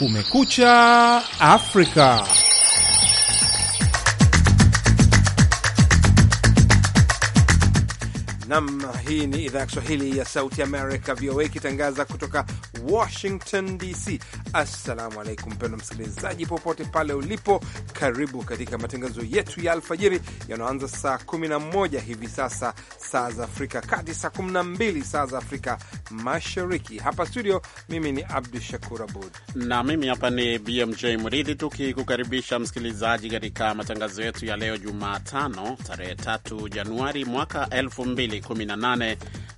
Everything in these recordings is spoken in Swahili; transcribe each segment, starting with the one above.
Kumekucha Afrika. Nam, hii ni idhaa ya Kiswahili ya Sauti Amerika, VOA, ikitangaza kutoka Washington DC. Assalamu alaikum, mpendo msikilizaji, popote pale ulipo, karibu katika matangazo yetu ya alfajiri yanaoanza saa 11 hivi sasa saa za Afrika Kati, saa 12 saa za Afrika Mashariki. Hapa studio, mimi ni Abdu Shakur Abud na mimi hapa ni BMJ Mridhi, tukikukaribisha msikilizaji katika matangazo yetu ya leo Jumatano, tarehe 3 Januari mwaka 20 18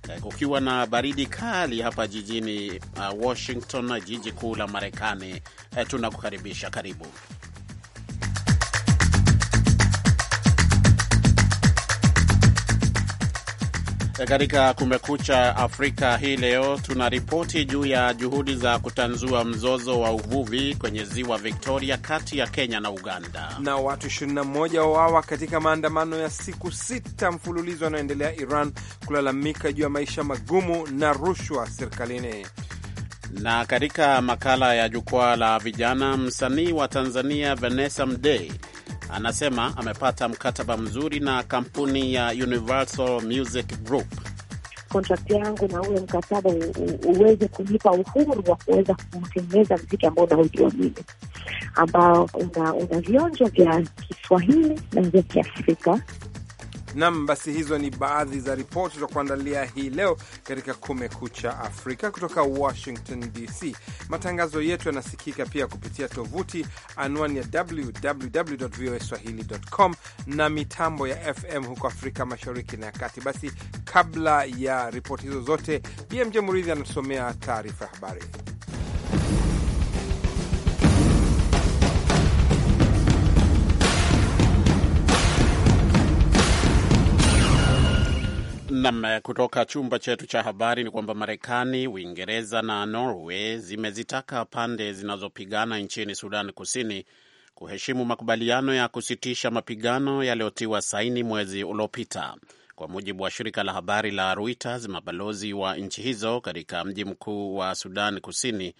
eh, kukiwa na baridi kali hapa jijini eh, Washington, jiji kuu la Marekani. Eh, tunakukaribisha, karibu Katika Kumekucha Afrika hii leo tuna ripoti juu ya juhudi za kutanzua mzozo wa uvuvi kwenye ziwa Victoria kati ya Kenya na Uganda. Na watu 21 wawawa katika maandamano ya siku sita mfululizo yanayoendelea Iran kulalamika juu ya maisha magumu na rushwa serikalini. Na katika makala ya jukwaa la vijana, msanii wa Tanzania Vanessa Mdee anasema amepata mkataba mzuri na kampuni ya Universal Music Group. Kontrakti yangu na ule mkataba uweze kunipa uhuru wa kuweza kutengeneza mziki ambao unaujua mimi, ambao una vionjo vya Kiswahili na vya Kiafrika. Nam, basi hizo ni baadhi za ripoti za kuandalia hii leo katika Kumekucha Afrika kutoka Washington DC. Matangazo yetu yanasikika pia kupitia tovuti anwani ya www voa swahili.com na mitambo ya FM huko Afrika Mashariki na ya Kati. Basi kabla ya ripoti hizo zote, BMJ Muridhi anatusomea taarifa ya habari. Nam, eh, kutoka chumba chetu cha habari ni kwamba Marekani, Uingereza na Norway zimezitaka pande zinazopigana nchini Sudan Kusini kuheshimu makubaliano ya kusitisha mapigano yaliyotiwa saini mwezi uliopita. Kwa mujibu wa shirika la habari la Reuters, mabalozi wa nchi hizo katika mji mkuu wa Sudan Kusini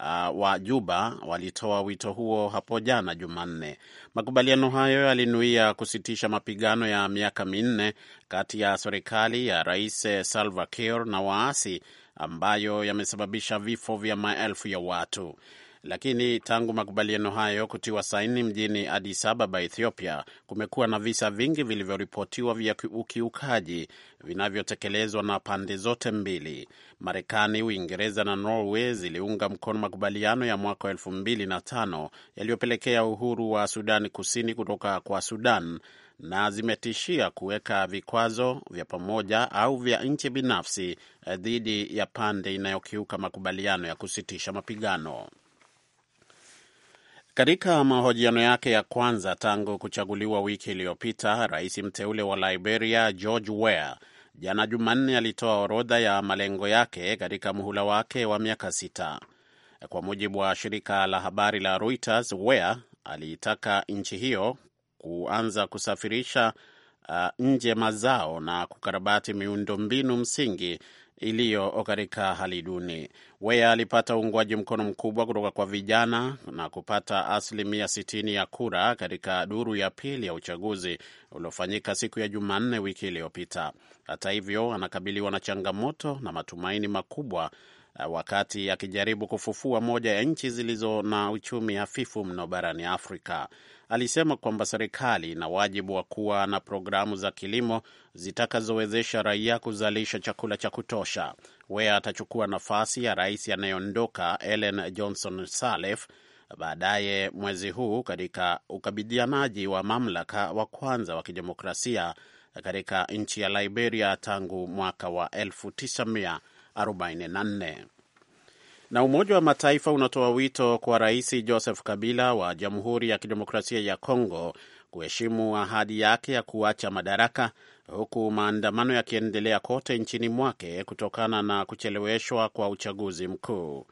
uh, wa Juba walitoa wito huo hapo jana Jumanne. Makubaliano hayo yalinuia kusitisha mapigano ya miaka minne kati ya serikali ya Rais Salva Kiir na waasi ambayo yamesababisha vifo vya maelfu ya watu. Lakini tangu makubaliano hayo kutiwa saini mjini Addis Ababa, Ethiopia, kumekuwa na visa vingi vilivyoripotiwa vya ukiukaji vinavyotekelezwa na pande zote mbili. Marekani, Uingereza na Norway ziliunga mkono makubaliano ya mwaka wa elfu mbili na tano yaliyopelekea uhuru wa Sudani Kusini kutoka kwa Sudan na zimetishia kuweka vikwazo vya pamoja au vya nchi binafsi eh, dhidi ya pande inayokiuka makubaliano ya kusitisha mapigano. Katika mahojiano yake ya kwanza tangu kuchaguliwa wiki iliyopita, rais mteule wa Liberia George Weah jana Jumanne alitoa orodha ya malengo yake katika muhula wake wa miaka sita. Kwa mujibu wa shirika la habari la Reuters, Weah aliitaka nchi hiyo kuanza kusafirisha uh, nje mazao na kukarabati miundombinu msingi iliyo katika hali duni. weya alipata uungwaji mkono mkubwa kutoka kwa vijana na kupata asilimia 60 ya kura katika duru ya pili ya uchaguzi uliofanyika siku ya Jumanne wiki iliyopita. Hata hivyo, anakabiliwa na changamoto na matumaini makubwa wakati akijaribu kufufua moja ya nchi zilizo na uchumi hafifu mno barani Afrika. Alisema kwamba serikali ina wajibu wa kuwa na programu za kilimo zitakazowezesha raia kuzalisha chakula cha kutosha. Wea atachukua nafasi ya rais anayeondoka Ellen Johnson Sirleaf baadaye mwezi huu katika ukabidhianaji wa mamlaka wa kwanza wa kidemokrasia katika nchi ya Liberia tangu mwaka wa 1944. Na Umoja wa Mataifa unatoa wito kwa Rais Joseph Kabila wa Jamhuri ya Kidemokrasia ya Kongo kuheshimu ahadi yake ya kuacha madaraka huku maandamano yakiendelea kote nchini mwake kutokana na kucheleweshwa kwa uchaguzi mkuu.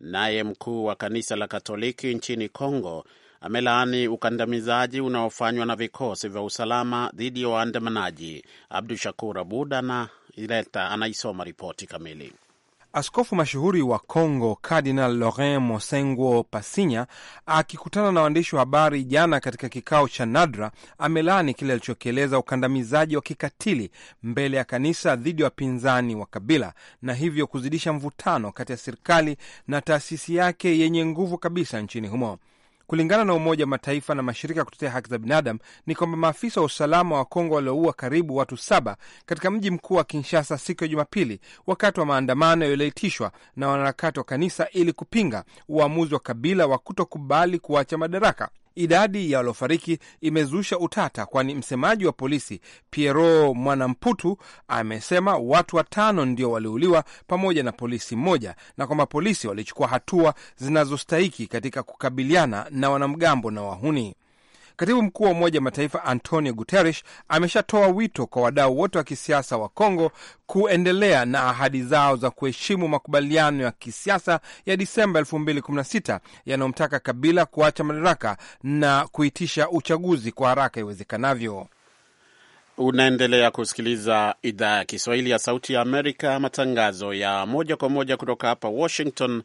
Naye mkuu wa kanisa la Katoliki nchini Kongo amelaani ukandamizaji unaofanywa na vikosi vya usalama dhidi ya waandamanaji. Abdu Shakur Abud anaileta anaisoma ripoti kamili. Askofu mashuhuri wa congo Cardinal Laurent Monsengwo Pasinya akikutana na waandishi wa habari jana katika kikao cha nadra amelaani kile alichokieleza ukandamizaji wa kikatili mbele ya kanisa dhidi ya wapinzani wa Kabila na hivyo kuzidisha mvutano kati ya serikali na taasisi yake yenye nguvu kabisa nchini humo. Kulingana na Umoja wa Mataifa na mashirika ya kutetea haki za binadamu ni kwamba maafisa wa usalama wa Kongo walioua karibu watu saba katika mji mkuu wa Kinshasa siku ya Jumapili wakati wa maandamano yaliyoitishwa na wanaharakati wa kanisa ili kupinga uamuzi wa Kabila wa kutokubali kuacha madaraka. Idadi ya waliofariki imezusha utata, kwani msemaji wa polisi Piero Mwanamputu amesema watu watano ndio waliuliwa pamoja na polisi mmoja, na kwamba polisi walichukua hatua zinazostahiki katika kukabiliana na wanamgambo na wahuni. Katibu mkuu wa Umoja wa Mataifa Antonio Guterres ameshatoa wito kwa wadau wote wa kisiasa wa Kongo kuendelea na ahadi zao za kuheshimu makubaliano ya kisiasa ya Disemba 2016 yanayomtaka Kabila kuacha madaraka na kuitisha uchaguzi kwa haraka iwezekanavyo. Unaendelea kusikiliza idhaa ya Kiswahili ya Sauti ya Amerika, matangazo ya moja kwa moja kutoka hapa Washington,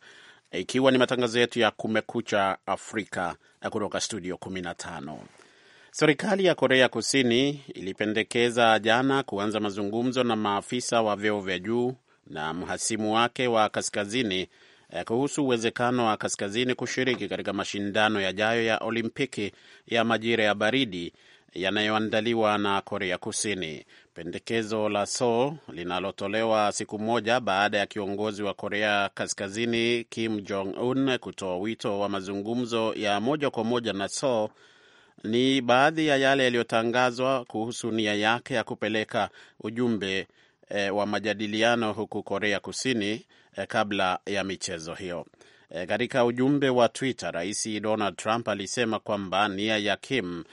ikiwa ni matangazo yetu ya Kumekucha Afrika kutoka studio 15. Serikali ya Korea Kusini ilipendekeza jana kuanza mazungumzo na maafisa wa vyeo vya juu na mhasimu wake wa kaskazini eh, kuhusu uwezekano wa kaskazini kushiriki katika mashindano yajayo ya Olimpiki ya majira ya baridi yanayoandaliwa na Korea Kusini. Pendekezo la so linalotolewa siku moja baada ya kiongozi wa Korea Kaskazini Kim Jong Un kutoa wito wa mazungumzo ya moja kwa moja na so ni baadhi ya yale yaliyotangazwa kuhusu nia yake ya kupeleka ujumbe e, wa majadiliano huku Korea Kusini e, kabla ya michezo hiyo. Eh, katika e, ujumbe wa Twitter, Rais Donald Trump alisema kwamba nia ya Kim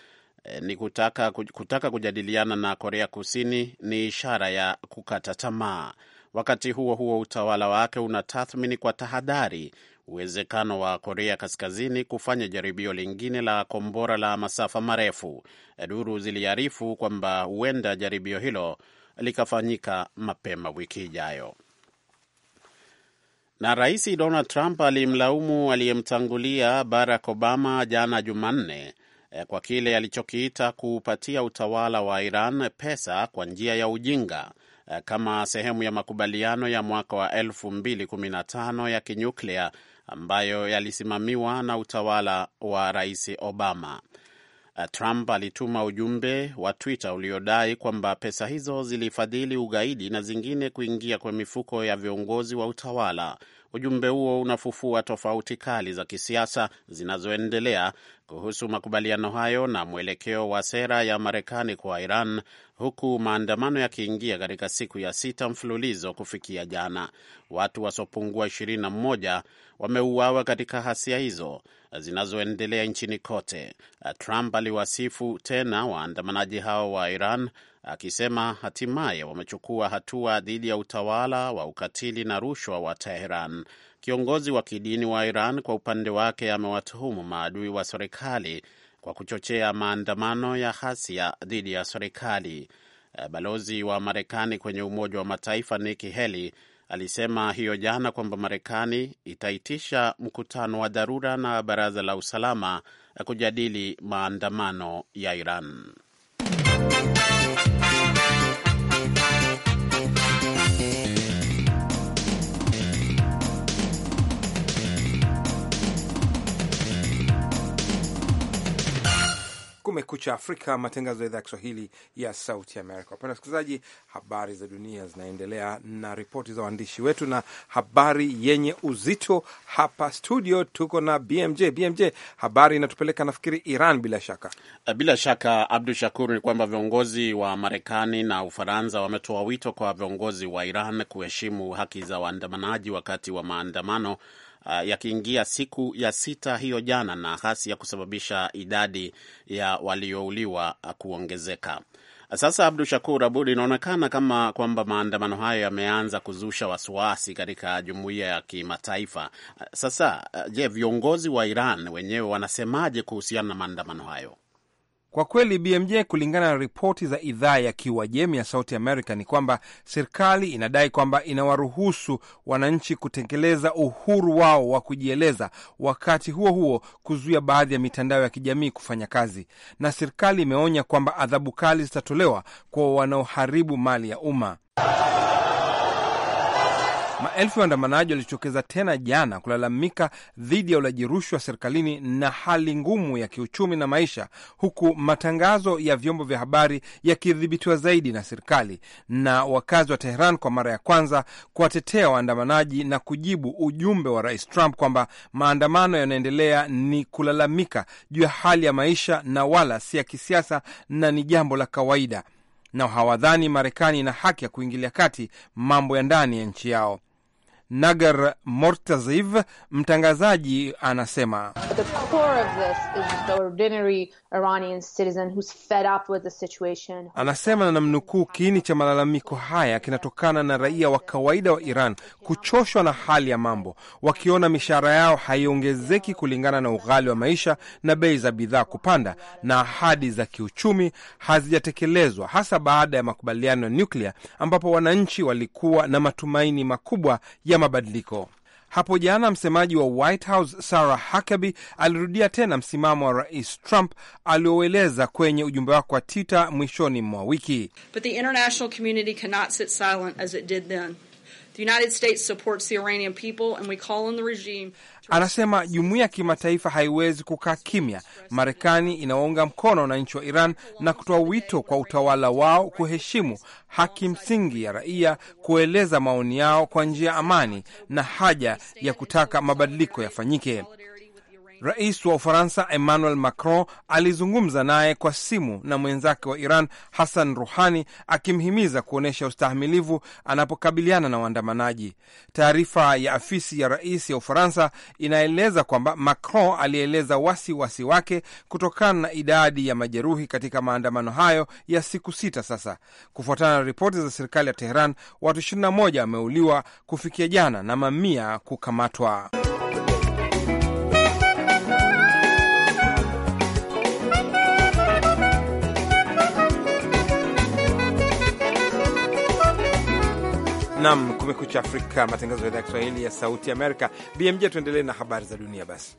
Eh, ni kutaka, kutaka kujadiliana na Korea Kusini ni ishara ya kukata tamaa. Wakati huo huo, utawala wake unatathmini kwa tahadhari uwezekano wa Korea Kaskazini kufanya jaribio lingine la kombora la masafa marefu. Eh, duru ziliarifu kwamba huenda jaribio hilo likafanyika mapema wiki ijayo. Na Rais Donald Trump alimlaumu aliyemtangulia Barack Obama jana Jumanne Eh, kwa kile alichokiita kuupatia utawala wa Iran pesa kwa njia ya ujinga eh, kama sehemu ya makubaliano ya mwaka wa 2015 ya kinyuklia ambayo yalisimamiwa na utawala wa Rais Obama. Eh, Trump alituma ujumbe wa Twitter uliodai kwamba pesa hizo zilifadhili ugaidi na zingine kuingia kwa mifuko ya viongozi wa utawala Ujumbe huo unafufua tofauti kali za kisiasa zinazoendelea kuhusu makubaliano hayo na mwelekeo wa sera ya Marekani kwa Iran, huku maandamano yakiingia katika siku ya sita mfululizo kufikia jana. Watu wasiopungua ishirini na mmoja wameuawa katika hasia hizo zinazoendelea nchini kote. Trump aliwasifu tena waandamanaji hao wa Iran akisema hatimaye wamechukua hatua dhidi ya utawala wa ukatili na rushwa wa Teheran. Kiongozi wa kidini wa Iran kwa upande wake amewatuhumu maadui wa serikali kwa kuchochea maandamano ya hasia dhidi ya serikali. Eh, balozi wa Marekani kwenye Umoja wa Mataifa Nikki Haley alisema hiyo jana kwamba Marekani itaitisha mkutano wa dharura na Baraza la Usalama kujadili maandamano ya Iran. Kumekucha Afrika, matangazo ya idhaa ya Kiswahili ya Sauti Amerika. Wapenda wasikilizaji, habari za dunia zinaendelea na ripoti za waandishi wetu na habari yenye uzito hapa studio. Tuko na BMJ. BMJ, habari inatupeleka nafikiri Iran bila shaka. Bila shaka, Abdu Shakur, ni kwamba viongozi wa Marekani na Ufaransa wametoa wito kwa viongozi wa Iran kuheshimu haki za waandamanaji wakati wa maandamano Uh, yakiingia siku ya sita hiyo jana, na ya kusababisha idadi ya waliouliwa kuongezeka. Sasa Abdu Shakur Abud, inaonekana kama kwamba maandamano hayo yameanza kuzusha wasiwasi katika jumuiya ya kimataifa. Sasa uh, je, viongozi wa Iran wenyewe wanasemaje kuhusiana na maandamano hayo? Kwa kweli BMJ, kulingana na ripoti za idhaa ya Kiuajemi ya Sauti Amerika ni kwamba serikali inadai kwamba inawaruhusu wananchi kutekeleza uhuru wao wa kujieleza, wakati huo huo kuzuia baadhi ya mitandao ya kijamii kufanya kazi, na serikali imeonya kwamba adhabu kali zitatolewa kwa wanaoharibu mali ya umma. Maelfu ya waandamanaji walijitokeza tena jana kulalamika dhidi ya ulaji rushwa serikalini na hali ngumu ya kiuchumi na maisha, huku matangazo ya vyombo vya habari yakidhibitiwa zaidi na serikali. Na wakazi wa Teheran kwa mara ya kwanza kuwatetea waandamanaji na kujibu ujumbe wa Rais Trump kwamba maandamano yanaendelea ni kulalamika juu ya hali ya maisha na wala si ya kisiasa na ni jambo la kawaida na hawadhani Marekani ina haki ya kuingilia kati mambo ya ndani ya nchi yao. Nagar Mortaziv, mtangazaji anasema Iranian citizen who's fed up with the situation. Anasema na namnukuu, kiini cha malalamiko haya kinatokana na raia wa kawaida wa Iran kuchoshwa na hali ya mambo, wakiona mishahara yao haiongezeki kulingana na ughali wa maisha na bei za bidhaa kupanda, na ahadi za kiuchumi hazijatekelezwa, hasa baada ya makubaliano ya nyuklia ambapo wananchi walikuwa na matumaini makubwa ya mabadiliko. Hapo jana msemaji wa White House Sarah Huckabee alirudia tena msimamo wa Rais Trump alioeleza kwenye ujumbe wake wa Twitter mwishoni mwa wiki. But the international community cannot sit silent as it did then. The United States supports the Iranian people and we call on the regime. Anasema jumuiya ya kimataifa haiwezi kukaa kimya. Marekani inaunga mkono wananchi wa Iran na kutoa wito kwa utawala wao kuheshimu haki msingi ya raia kueleza maoni yao kwa njia ya amani na haja ya kutaka mabadiliko yafanyike. Rais wa Ufaransa Emmanuel Macron alizungumza naye kwa simu na mwenzake wa Iran Hassan Ruhani akimhimiza kuonyesha ustahimilivu anapokabiliana na waandamanaji. Taarifa ya afisi ya rais ya Ufaransa inaeleza kwamba Macron alieleza wasiwasi wake kutokana na idadi ya majeruhi katika maandamano hayo ya siku sita sasa. Kufuatana na ripoti za serikali ya Teheran, watu 21 wameuliwa kufikia jana na mamia kukamatwa. Nam kumekucha Afrika, matangazo ya idhaa ya Kiswahili ya Sauti Amerika. BMJ, tuendelee na habari za dunia basi.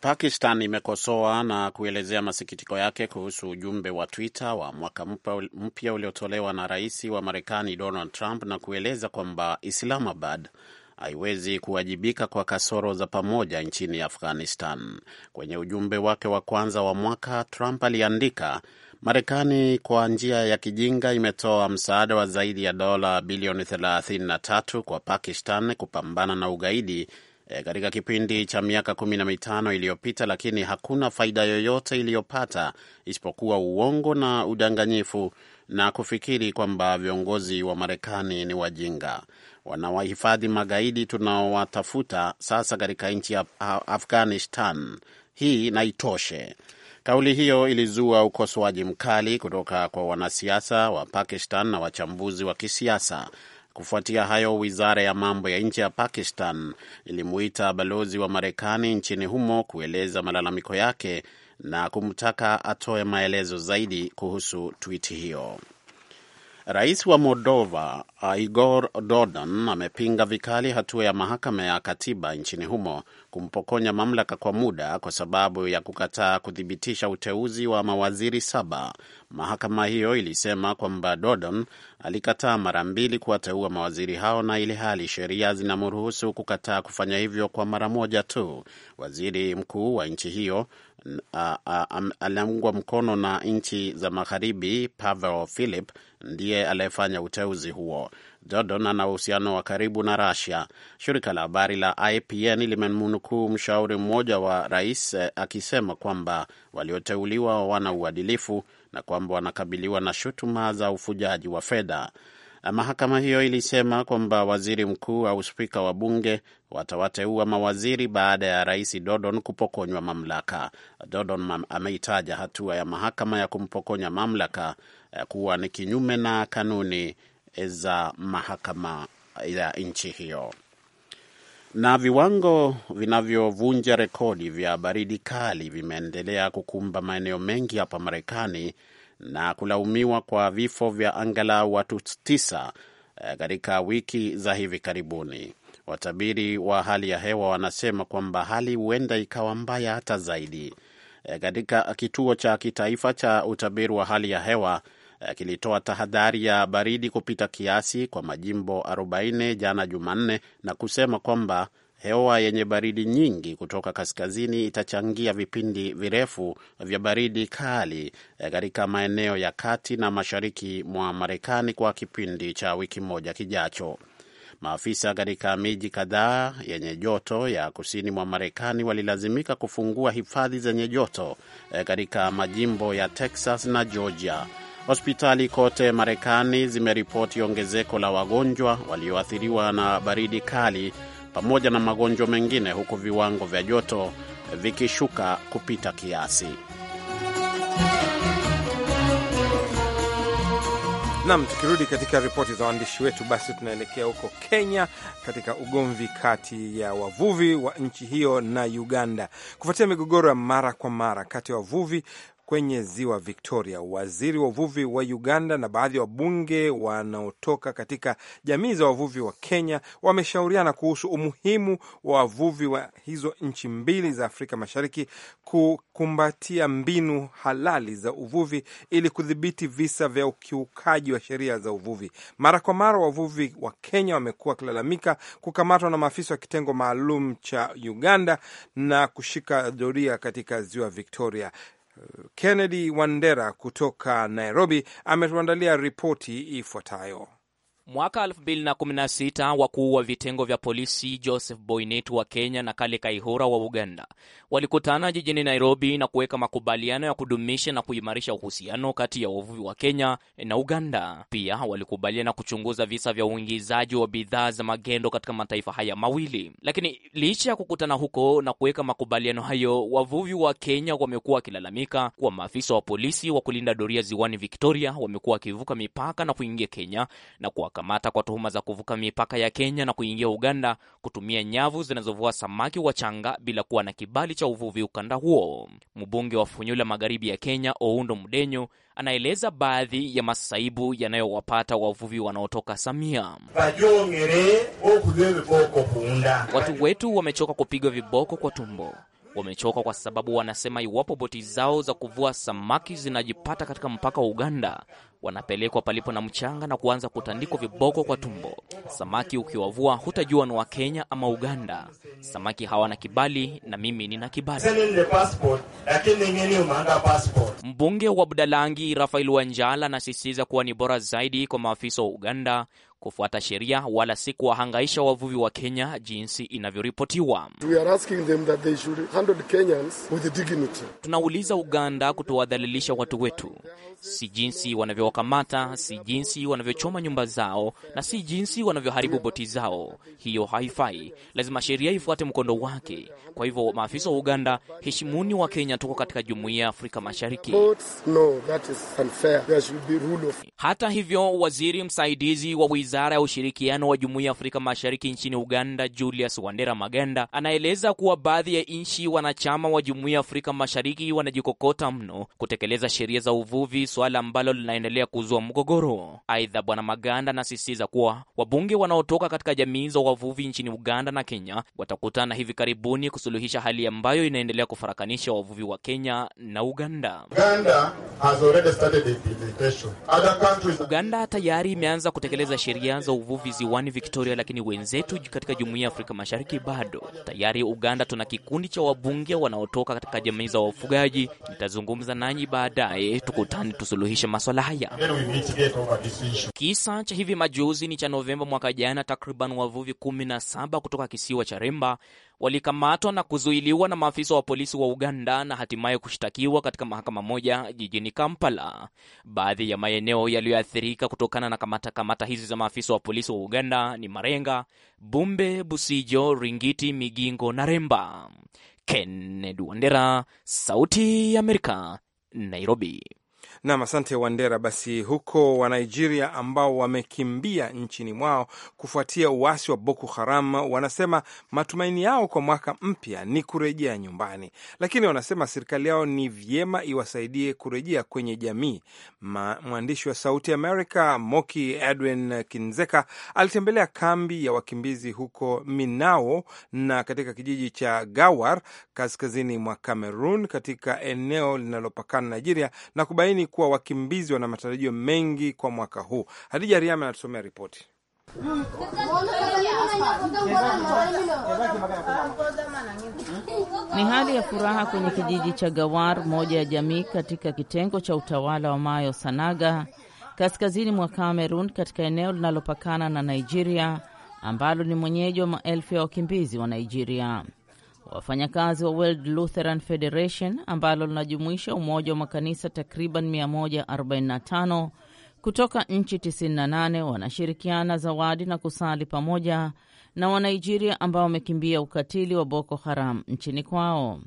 Pakistan imekosoa na kuelezea masikitiko yake kuhusu ujumbe wa Twitter wa mwaka mpya uliotolewa na rais wa Marekani Donald Trump na kueleza kwamba Islamabad haiwezi kuwajibika kwa kasoro za pamoja nchini Afghanistan. Kwenye ujumbe wake wa kwanza wa mwaka, Trump aliandika, Marekani kwa njia ya kijinga imetoa msaada wa zaidi ya dola bilioni 33 kwa Pakistan kupambana na ugaidi E, katika e, kipindi cha miaka kumi na mitano iliyopita, lakini hakuna faida yoyote iliyopata isipokuwa uongo na udanganyifu na kufikiri kwamba viongozi wa Marekani ni wajinga. Wanawahifadhi magaidi tunaowatafuta sasa katika nchi ya Afghanistan. Hii na itoshe. Kauli hiyo ilizua ukosoaji mkali kutoka kwa wanasiasa wa Pakistan na wachambuzi wa kisiasa Kufuatia hayo, wizara ya mambo ya nje ya Pakistan ilimuita balozi wa Marekani nchini humo kueleza malalamiko yake na kumtaka atoe maelezo zaidi kuhusu twiti hiyo. Rais wa Moldova uh, Igor Dodon amepinga vikali hatua ya mahakama ya katiba nchini humo kumpokonya mamlaka kwa muda kwa sababu ya kukataa kuthibitisha uteuzi wa mawaziri saba. Mahakama hiyo ilisema kwamba Dodon alikataa mara mbili kuwateua mawaziri hao, na ili hali sheria zinamruhusu kukataa kufanya hivyo kwa mara moja tu. Waziri mkuu wa nchi hiyo anaungwa mkono na nchi za magharibi, Pavel Philip ndiye aliyefanya uteuzi huo. Dodon ana uhusiano wa karibu na rasia Shirika la habari la IPN limemnukuu mshauri mmoja wa rais eh, akisema kwamba walioteuliwa wana uadilifu na kwamba wanakabiliwa na shutuma za ufujaji wa fedha. Eh, mahakama hiyo ilisema kwamba waziri mkuu au spika wa bunge watawateua mawaziri baada ya rais Dodon kupokonywa mamlaka. Dodon ameitaja hatua ya mahakama ya kumpokonya mamlaka eh, kuwa ni kinyume na kanuni za mahakama ya nchi hiyo. Na viwango vinavyovunja rekodi vya baridi kali vimeendelea kukumba maeneo mengi hapa Marekani na kulaumiwa kwa vifo vya angalau watu tisa eh, katika wiki za hivi karibuni. Watabiri wa hali ya hewa wanasema kwamba hali huenda ikawa mbaya hata zaidi. Eh, katika kituo cha kitaifa cha utabiri wa hali ya hewa kilitoa tahadhari ya baridi kupita kiasi kwa majimbo 40 jana Jumanne na kusema kwamba hewa yenye baridi nyingi kutoka kaskazini itachangia vipindi virefu vya baridi kali eh, katika maeneo ya kati na mashariki mwa Marekani kwa kipindi cha wiki moja kijacho. Maafisa katika miji kadhaa yenye joto ya kusini mwa Marekani walilazimika kufungua hifadhi zenye joto eh, katika majimbo ya Texas na Georgia Hospitali kote Marekani zimeripoti ongezeko la wagonjwa walioathiriwa na baridi kali pamoja na magonjwa mengine, huku viwango vya joto vikishuka kupita kiasi. Nam, tukirudi katika ripoti za waandishi wetu, basi tunaelekea huko Kenya katika ugomvi kati ya wavuvi wa nchi hiyo na Uganda kufuatia migogoro ya mara kwa mara kati ya wavuvi kwenye ziwa Victoria. Waziri wa uvuvi wa Uganda na baadhi ya wa wabunge wanaotoka katika jamii za wavuvi wa Kenya wameshauriana kuhusu umuhimu wa wavuvi wa hizo nchi mbili za Afrika Mashariki kukumbatia mbinu halali za uvuvi ili kudhibiti visa vya ukiukaji wa sheria za uvuvi. Mara kwa mara wavuvi wa Kenya wamekuwa wakilalamika kukamatwa na maafisa wa kitengo maalum cha Uganda na kushika doria katika ziwa Victoria. Kennedy Wandera kutoka Nairobi ametuandalia ripoti ifuatayo. Mwaka 2016 wakuu wa vitengo vya polisi Joseph Boinnet wa Kenya na Kale Kaihura wa Uganda walikutana jijini Nairobi na kuweka makubaliano ya kudumisha na kuimarisha uhusiano kati ya wavuvi wa Kenya na Uganda. Pia walikubaliana kuchunguza visa vya uingizaji wa bidhaa za magendo katika mataifa haya mawili. Lakini licha ya kukutana huko na kuweka makubaliano hayo, wavuvi wa Kenya wamekuwa wakilalamika kuwa maafisa wa polisi wa kulinda doria ziwani Victoria wamekuwa wakivuka mipaka na kuingia Kenya na kuwaka kukamata kwa tuhuma za kuvuka mipaka ya Kenya na kuingia Uganda kutumia nyavu zinazovua samaki wachanga bila kuwa na kibali cha uvuvi ukanda huo. Mbunge wa Funyula Magharibi ya Kenya, Oundo Mudenyo, anaeleza baadhi ya masaibu yanayowapata wavuvi wanaotoka Samia. Watu wetu wamechoka kupigwa viboko kwa tumbo wamechoka kwa sababu wanasema iwapo boti zao za kuvua samaki zinajipata katika mpaka wa Uganda wanapelekwa palipo na mchanga na kuanza kutandikwa viboko kwa tumbo. Samaki ukiwavua hutajua ni wa Kenya ama Uganda. Samaki hawana kibali na mimi nina kibali. Mbunge wa Budalangi Rafael Wanjala anasisitiza kuwa ni bora zaidi kwa maafisa wa Uganda kufuata sheria wala si kuwahangaisha wavuvi wa Kenya jinsi inavyoripotiwa. Tunauliza Uganda kutowadhalilisha watu wetu si jinsi wanavyowakamata, si jinsi wanavyochoma nyumba zao, na si jinsi wanavyoharibu boti zao. Hiyo haifai, lazima sheria ifuate mkondo wake. Kwa hivyo, maafisa wa Uganda, heshimuni wa Kenya, tuko katika jumuiya ya Afrika Mashariki. No, that is unfair. There should be rule of... Hata hivyo, waziri msaidizi wa wizara ya ushirikiano wa jumuiya ya Afrika Mashariki nchini Uganda, Julius Wandera Maganda, anaeleza kuwa baadhi ya nchi wanachama wa jumuiya ya Afrika Mashariki wanajikokota mno kutekeleza sheria za uvuvi suala ambalo linaendelea kuzua mgogoro. Aidha, Bwana Maganda anasisitiza kuwa wabunge wanaotoka katika jamii za wavuvi nchini Uganda na Kenya watakutana hivi karibuni kusuluhisha hali ambayo inaendelea kufarakanisha wavuvi wa Kenya na Uganda. Uganda, has already started implementation. Other countries... Uganda tayari imeanza kutekeleza sheria za uvuvi ziwani Victoria, lakini wenzetu katika jumuiya ya Afrika Mashariki bado. Tayari Uganda tuna kikundi cha wabunge wanaotoka katika jamii za wafugaji. Nitazungumza nanyi baadaye, tukutane tusuluhishe maswala haya. Kisa cha hivi majuzi ni cha Novemba mwaka jana. Takriban wavuvi 17 kutoka kisiwa cha Remba walikamatwa na kuzuiliwa na maafisa wa polisi wa Uganda na hatimaye kushtakiwa katika mahakama moja jijini Kampala. Baadhi ya maeneo yaliyoathirika kutokana na kamata kamata hizi za maafisa wa polisi wa Uganda ni Marenga, Bumbe, Busijo, Ringiti, Migingo na Remba. Kennedy Wandera, Sauti ya Amerika, Nairobi. Nam, asante Wandera. Basi huko wa Nigeria ambao wamekimbia nchini mwao kufuatia uasi wa Boko Haram wanasema matumaini yao kwa mwaka mpya ni kurejea nyumbani, lakini wanasema serikali yao ni vyema iwasaidie kurejea kwenye jamii. Mwandishi wa Sauti America Moki Edwin Kinzeka alitembelea kambi ya wakimbizi huko Minao na katika kijiji cha Gawar kaskazini mwa Cameroon katika eneo linalopakana Nigeria na kubaini kuwa wakimbizi wana matarajio mengi kwa mwaka huu. Hadija Riame anatusomea ripoti. Ni hali ya furaha kwenye kijiji cha Gawar, moja ya jamii katika kitengo cha utawala wa Mayo Sanaga, kaskazini mwa Kamerun, katika eneo linalopakana na Nigeria, ambalo ni mwenyeji wa maelfu ya wakimbizi wa Nigeria. Wafanyakazi wa World Lutheran Federation ambalo linajumuisha umoja wa makanisa takriban 145 kutoka nchi 98 wanashirikiana zawadi na kusali pamoja na Wanigeria ambao wamekimbia ukatili wa Boko Haram nchini kwao.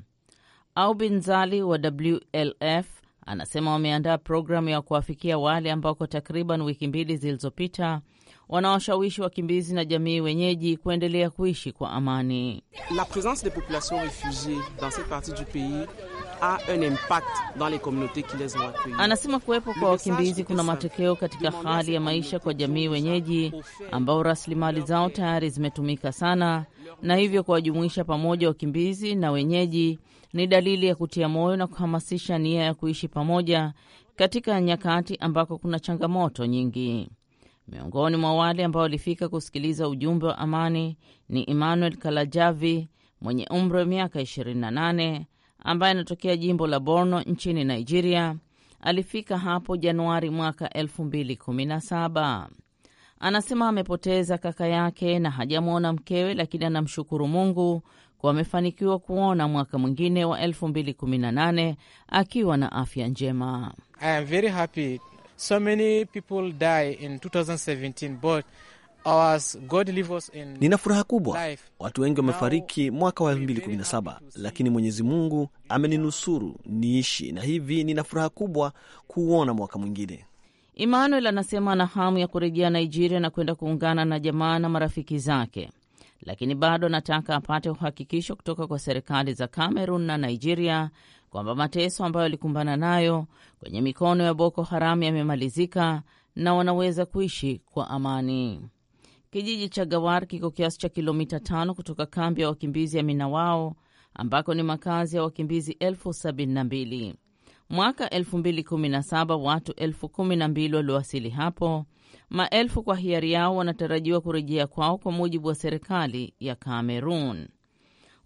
binzali wa WLF anasema wameandaa programu ya kuwafikia wale ambako takriban wiki mbili zilizopita wanawashawishi wakimbizi na jamii wenyeji kuendelea kuishi kwa amani. La presence des populations refugies dans cette partie du pays a un impact dans les communautés qui les ont accueillies. Anasema kuwepo kwa wakimbizi kuna matokeo katika hali ya maisha kwa jamii wenyeji ambao rasilimali zao tayari zimetumika sana, na hivyo kuwajumuisha pamoja wakimbizi na wenyeji ni dalili ya kutia moyo na kuhamasisha nia ya kuishi pamoja katika nyakati ambako kuna changamoto nyingi. Miongoni mwa wale ambao walifika kusikiliza ujumbe wa amani ni Emmanuel Kalajavi mwenye umri wa miaka 28 ambaye anatokea jimbo la Borno nchini Nigeria. Alifika hapo Januari mwaka 2017. Anasema amepoteza kaka yake na hajamwona mkewe, lakini anamshukuru Mungu kwa amefanikiwa kuona mwaka mwingine wa 2018 akiwa na afya njema. I am very happy So many people die in 2017 but Nina furaha kubwa Watu wengi wamefariki mwaka wa 2017 lakini Mwenyezi Mungu ameninusuru niishi, na hivi nina furaha kubwa kuuona mwaka mwingine. Emmanuel anasema ana hamu ya kurejea Nigeria na kwenda kuungana na jamaa na marafiki zake lakini bado anataka apate uhakikisho kutoka kwa serikali za Cameroon na Nigeria kwamba mateso ambayo alikumbana nayo kwenye mikono ya Boko Haram yamemalizika na wanaweza kuishi kwa amani. Kijiji cha Gawar kiko kiasi cha kilomita tano kutoka kambi ya wakimbizi ya Minawao ambako ni makazi ya wakimbizi elfu sabini na mbili. Mwaka 2017 watu elfu kumi na mbili waliowasili hapo. Maelfu kwa hiari yao wanatarajiwa kurejea kwao, kwa mujibu wa serikali ya Kamerun.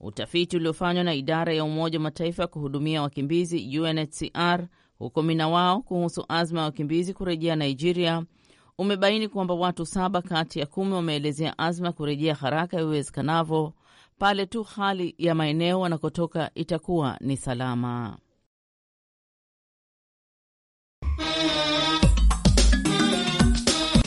Utafiti uliofanywa na idara ya Umoja wa Mataifa ya kuhudumia wakimbizi UNHCR huko wao kuhusu azma ya wakimbizi kurejea Nigeria umebaini kwamba watu saba kati ya kumi wameelezea azma kurejea haraka iwezekanavyo pale tu hali ya maeneo wanakotoka itakuwa ni salama.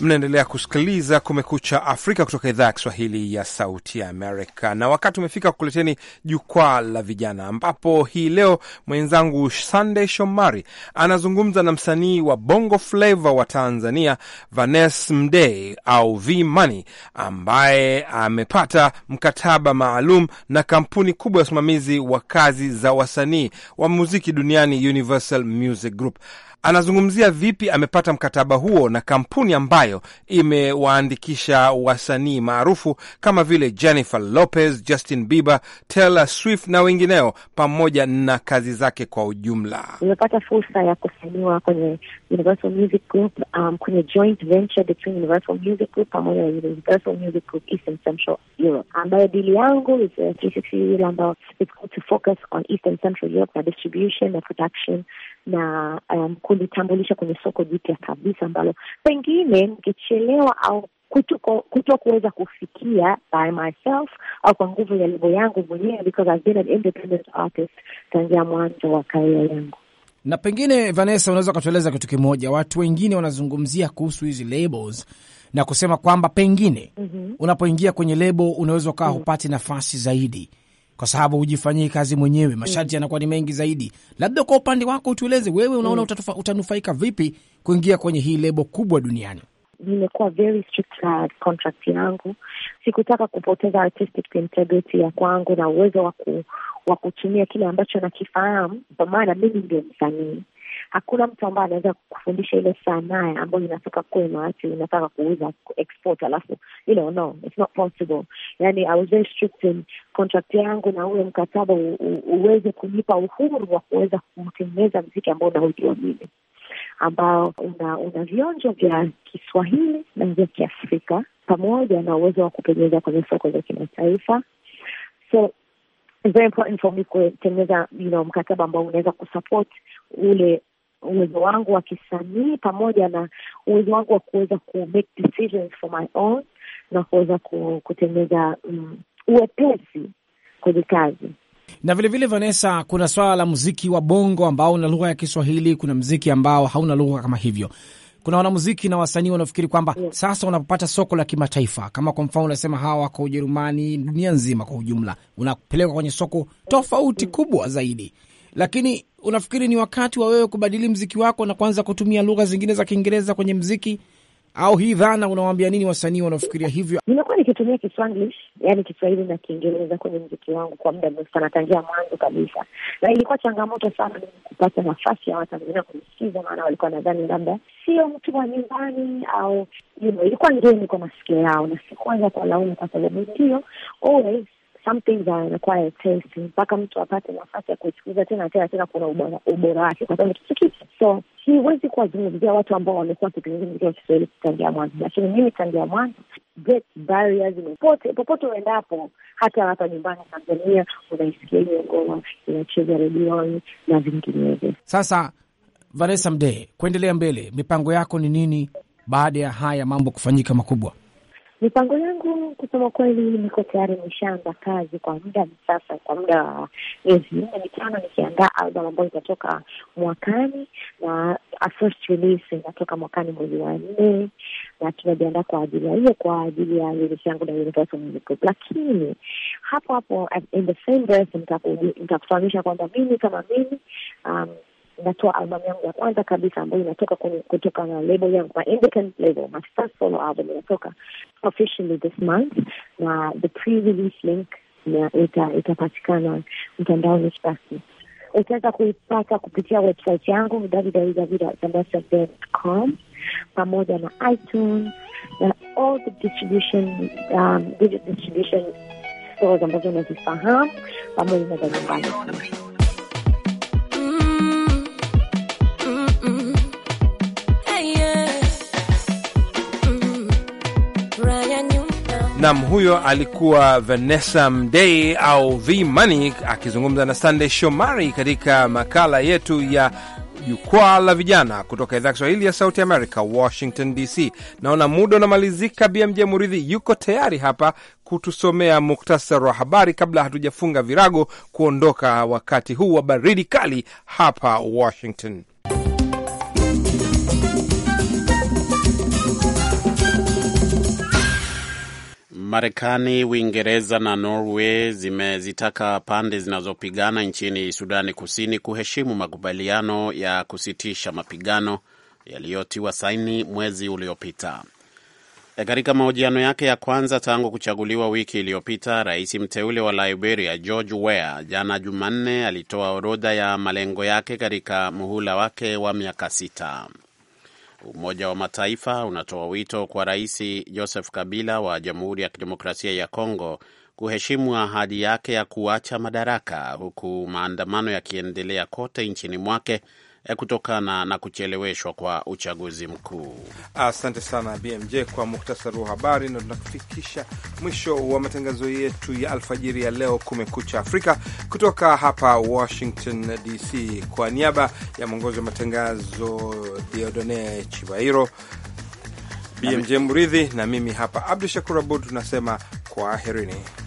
Mnaendelea kusikiliza Kumekucha Afrika kutoka idhaa ya Kiswahili ya Sauti ya Amerika, na wakati umefika kukuleteni Jukwaa la Vijana, ambapo hii leo mwenzangu Sandey Shomari anazungumza na msanii wa Bongo Flava wa Tanzania, Vanes Mdee au V Money, ambaye amepata mkataba maalum na kampuni kubwa ya usimamizi wa kazi za wasanii wa muziki duniani Universal Music Group Anazungumzia vipi amepata mkataba huo na kampuni ambayo imewaandikisha wasanii maarufu kama vile Jennifer Lopez, Justin Bieber, Taylor Swift na wengineo, pamoja na kazi zake kwa ujumla. Nimepata fursa ya kusainiwa kwenye Universal Music Group, um, kwenye joint venture between Universal Music Group pamoja na Universal Music Group Eastern Central Europe, ambayo dili yangu is 360 ambayo it's to focus on Eastern Central Europe na distribution na production na um, kulitambulisha kwenye soko jipya kabisa ambalo pengine ningechelewa au kuto kuweza kufikia by myself au kwa nguvu ya lebo yangu mwenyewe because I've been an independent artist tangia mwanzo wa karia yangu. Na pengine Vanessa, unaweza ukatueleza kitu kimoja, watu wengine wanazungumzia kuhusu hizi labels na kusema kwamba pengine mm -hmm. unapoingia kwenye lebo unaweza ukawa mm -hmm. hupati nafasi zaidi kwa sababu hujifanyii kazi mwenyewe, mm. masharti yanakuwa ni mengi zaidi. Labda kwa upande wako utueleze wewe, unaona mm. utatufa, utanufaika vipi kuingia kwenye hii lebo kubwa duniani? Nimekuwa very strict na contract yangu, sikutaka kupoteza artistic integrity ya kwangu na uwezo wa kutumia kile ambacho nakifahamu, kwa maana mimi ndio msanii hakuna mtu ambaye anaweza kufundisha ile sanaa ambayo inatoka kwenu ati unataka kuuza export, alafu you know, no it's not possible. Yani, I was very strict in contract yangu na ule mkataba uweze kunipa uhuru wa kuweza kutengeneza mziki ambao unaujua mimi ambao una, una vionjo vya Kiswahili na vya Kiafrika pamoja na uwezo wa kupenyeza kwenye soko za kimataifa. So it's very important for me kutengeneza you know, mkataba ambao unaweza kusupport ule uwezo wangu wa kisanii pamoja na uwezo wangu wa kuweza ku make decisions for my own na kuweza kutengeza um, uwepesi kwenye kazi na vilevile vile Vanessa, kuna swala la muziki wa bongo ambao una lugha ya Kiswahili, kuna mziki ambao hauna lugha kama hivyo. Kuna wanamuziki na wasanii wanaofikiri kwamba yeah, sasa unapopata soko la kimataifa, kama kwa mfano unasema hawa wako Ujerumani, dunia nzima kwa ujumla, unapelekwa kwenye soko tofauti kubwa zaidi lakini unafikiri ni wakati wa wewe kubadili mziki wako na kuanza kutumia lugha zingine za Kiingereza kwenye mziki au hii dhana, unawaambia nini wasanii wanaofikiria hivyo? Nimekuwa nikitumia Kiswanglish, yani Kiswahili na Kiingereza kwenye mziki wangu kwa muda mrefu sana, tangia mwanzo kabisa, na ilikuwa changamoto sana kupata nafasi ya Watanzania kunisikiza, maana walikuwa nadhani labda sio mtu wa nyumbani au you know, ilikuwa ngeni kwa masikio yao, na sikuweza kuwalaumu kwa sababu ndio always somethings are test mpaka mtu apate nafasi ya kuchukuza tena tena tena kuona ubora, ubora wake, kwa sababu tusikiza. So siwezi kuwazungumzia watu ambao wamekuwa wakizungumzia Kiswahili tangia mwanzo, lakini mimi tangia mwanzo barriers popote popote uendapo, hata hapa nyumbani Tanzania unaisikia hiyo ngoma inacheza redioni na vinginevyo. Sasa Vanessa Mdee, kuendelea mbele, mipango yako ni nini baada ya haya mambo kufanyika makubwa? Mipango yangu kusema kweli, niko tayari nimeshaanza kazi kwa muda sasa, kwa muda wa miezi minne mitano, nikiandaa album ambayo itatoka mwakani, na first release inatoka mwakani mwezi wa nne, na tunajiandaa kwa ajili ya hiyo, kwa ajili ya release yangu na Universal Music Group. Lakini hapo hapo, in the same breath, nitakufahamisha kwamba mimi kama mimi um, inatoa albamu yangu ya kwanza kabisa ambayo inatoka kutoka na label yangu my independent label, my first solo album inatoka officially this month, na the pre-release link itapatikana mtandaoni sasi utaweza kuipata kupitia website yangu www.com pamoja na iTunes na all the distribution um, digital distribution stores ambazo unazifahamu pamoja na mbalimbali. Nam huyo alikuwa Vanessa Mdei au V Money akizungumza na sandey Shomari katika makala yetu ya jukwaa la vijana kutoka idhaa ya Kiswahili ya Sauti America, Washington DC. Naona muda unamalizika. BMJ Muridhi yuko tayari hapa kutusomea muktasari wa habari kabla hatujafunga virago kuondoka wakati huu wa baridi kali hapa Washington. Marekani, Uingereza na Norway zimezitaka pande zinazopigana nchini Sudani Kusini kuheshimu makubaliano ya kusitisha mapigano yaliyotiwa saini mwezi uliopita. E, katika mahojiano yake ya kwanza tangu kuchaguliwa wiki iliyopita, rais mteule wa Liberia George Weah jana Jumanne alitoa orodha ya malengo yake katika muhula wake wa miaka sita. Umoja wa Mataifa unatoa wito kwa Rais Joseph Kabila wa Jamhuri ya Kidemokrasia ya Kongo kuheshimu ahadi yake ya kuacha madaraka, huku maandamano yakiendelea kote nchini mwake Eh, kutokana na kucheleweshwa kwa uchaguzi mkuu. Asante sana BMJ kwa muhtasari wa habari, na tunafikisha mwisho wa matangazo yetu ya alfajiri ya leo, Kumekucha Afrika, kutoka hapa Washington DC. Kwa niaba ya mwongozi wa matangazo Diodone Chibairo, BMJ mridhi na mimi hapa Abdu Shakur Abud tunasema kwaherini.